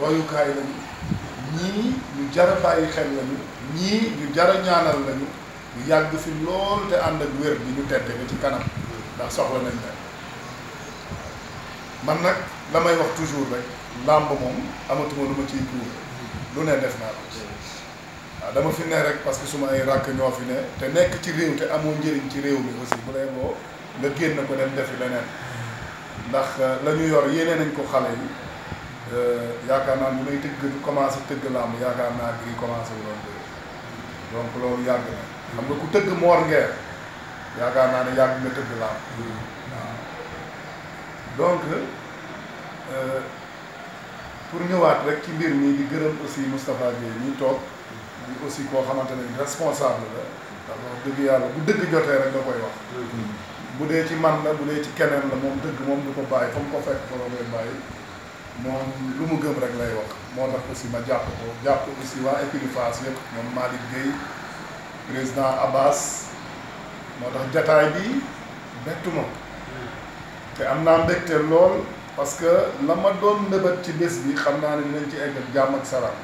royukaay lañu ñii ñu jar a bàyyi xel lañu ñii ñu jar ñaanal lañu ñu yàgg fi lool te ànd ak wér bi ñu tette ba ci kanam ndax soxla nañ leen man nag damay wax toujours rek làmb moom amatuma lu ma ciy tuur lu ne def naa ko waaw dama fi ne rek parce que su ma rakk ñoo fi ne te nekk ci réew te amoo njëriñ ci réew mi aussi bu lay woo nga génn ko dem defi leneen ndax euh, la ñu yor yéene nañ ko xale yi Euh, yaakaar naa ni may tëgg commencé tëgg làmb yaakaar naa gii commencé wu doon donc loolu yàgg na xam nga ku tëgg Mor Nguer yaakaar naa ne yàgg nga tëgg làmb hmm. waaw donc euh, pour ñëwaat rek ci mbir mi di gërëm aussi Moustapha Guèye ñuy toog di aussi koo xamante ne responsable la ndax wax dëgg yàlla bu dëgg jotee rek da koy wax hmm. bu dee ci man la bu dee ci keneen la moom dëgg moom du ko bàyyi fa mu ko fekk fa la koy bàyyi moom lu mu gëm rek lay wax moo tax aussi ma jàpp ko jàpp aussi waa écurie Fass yëpp ñoom Malick Gueye président Abbas moo tax jataay bi bettu ma te am naa mbégte lool parce que la ma doon nëbët ci bés bi xam naa ne dinañ ci egg jàmm ak salaam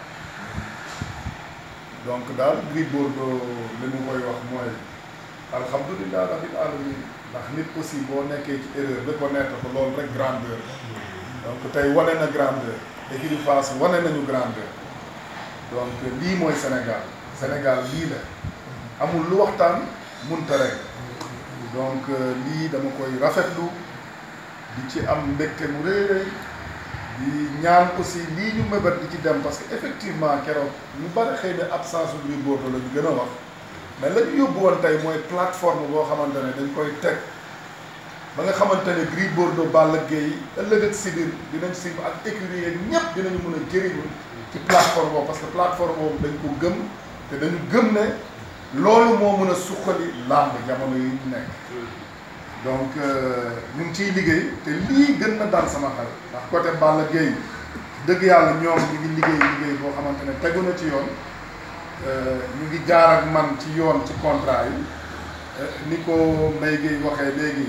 donc daal Gris Bordeaux li mu koy wax mooy alhamdulilah rabbil alamin ndax nit aussi boo nekkee ci erreur reconnaître ko loolu rek grandeur donc tey wale na grandeur équipe de Fass wane nañu grandeur donc lii mooy Sénégal Sénégal lii la amul lu waxtaan munta rek donc lii dama koy rafetlu di ci am mbégte mu rëy rëy di ñaan aussi lii ñu mëbat di ci dem parce que effectivement keroog ñu bari xëy na absence bu Gris Bordeaux la ñu gën a wax mais la yóbbu woon tey mooy plateforme boo xamante ne dañ koy teg ba nga xamante ne Gris Bordeaux Balla Gaye ëllëg ak si biir dinañ si ak écurie yeeg ñëpp dinañu mën a jëriñu ci plateforme boobu parce que plateforme boobu dañ ko gëm te dañu gëm ne loolu moo mën a suqali làmb jamono yi ñu nekk. donc euh, ñu ngi ciy liggéey te lii gën na dal sama xel ndax côté Balla Gaye dëgg yàlla ñoom ñu ngi liggéey liggéey boo xamante ne tegu na ci yoon euh, ñu ngi jaar ak man ci yoon ci contrat yi euh, ni ko Mbaye Guèye waxee léegi.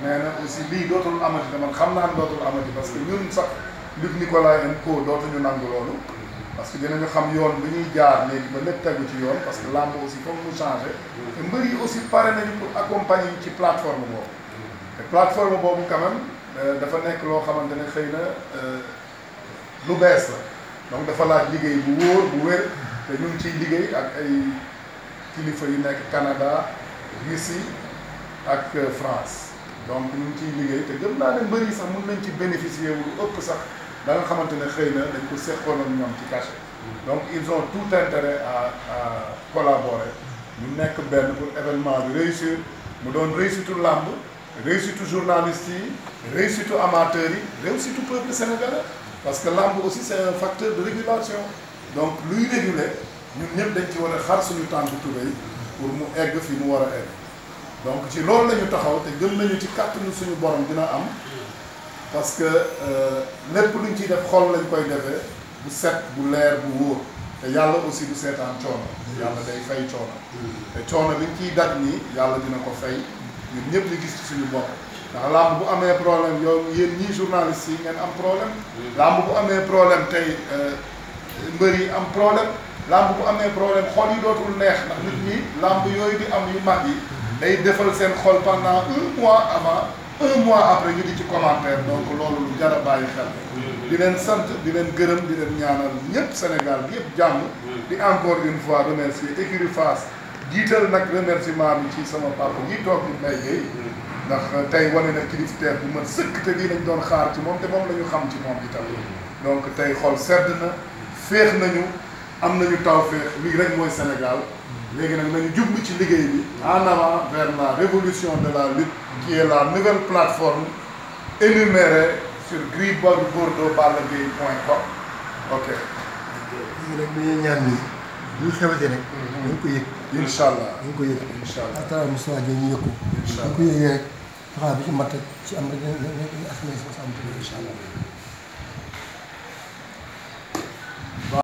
nee na aussi lii dootul amati te man xam naa ne dootul amati parce que ñun sax Luc Nicolaï and co ñu nangu loolu parce que dinañu xam yoon bi ñuy jaar léegi ba lépp tegu ci yoon parce que làmb aussi foog mu changé te mbër yi aussi pare nañu pour accompagner ci plateforme boobu te plateforme boobu quand même euh, dafa nekk loo xamante ne xëy na euh, lu bees la donc dafa laaj liggéey bu wóor bu wér te ñu ngi ciy liggéey ak ay kilifa yu nekk Canada Russie ak euh, France donc ñu ngi ci liggéey te gëm naa ne mbër yi sax mën nañ ci bénéficier wu ëpp sax ba nga xamante ne xëy na dañ ko seqoon ak ñoom ci cachet donc ils ont tout intérêt à à collaborer ñu nekk benn pour événement bi réussir mu doon réussitu làmb réussitu journaliste yi réussitu amateur yi réussitu peuple sénégalais parce que làmb aussi c'est un facteur de régulation donc luy réguler ñun ñëpp dañ ci war a xar suñu tànk tubéy pour mu egg fi mu war a egg donc ci loolu lañu taxaw te gëm nañu ci kàttanu suñu borom dina am parce que euh, lépp luñ ciy def xol lañ koy defee set bu leer bu yàlla aussi du seetaan coono yàlla day fay coono te coono biñ ciy daj dina ko fay ñëpp ñu gis ci suñu bopp ndax bu amee problème yow yéen ñii journaliste yi ngeen am problème làmb bu amee problème tey euh, mbër yi am problème làmb bu amee problème xol yi dootul neex ndax yooyu di am yu mag yi day defal seen xol pendant un mois avant un mois après ñu di ci commentaire donc loolu lu jar a bàyyi xel di leen sant di leen gërëm di leen ñaanal ñëpp Sénégal bi yëpp jàmm di encore une fois remercier écurie Fass jiital nag remerciement bi ci sama papa ñi toog di may Gueye ndax tey wane na kilifteef bu ma sëkk te lii lañ doon xaar ci moom te moom la ñu xam ci moom itam donc tey xol sedd na féex nañu am nañu taw féex lii rek mooy Sénégal léegi nag nañu jublu ci liggéey bi en avant vers la révolution de la lutte qui la nouvelle plateforme énumérée sur gris-bordeaux-balla-gaye.com ok. léegi nag dañuy ñaan ni bu ñu xewatee rek. dañ ko yëg. incha allah dañ ko yëg. incha allah ak travers Moussa Diagne ñu allah bi ci mat ci am rek dinañ dinañ askan wi si am. incha allah.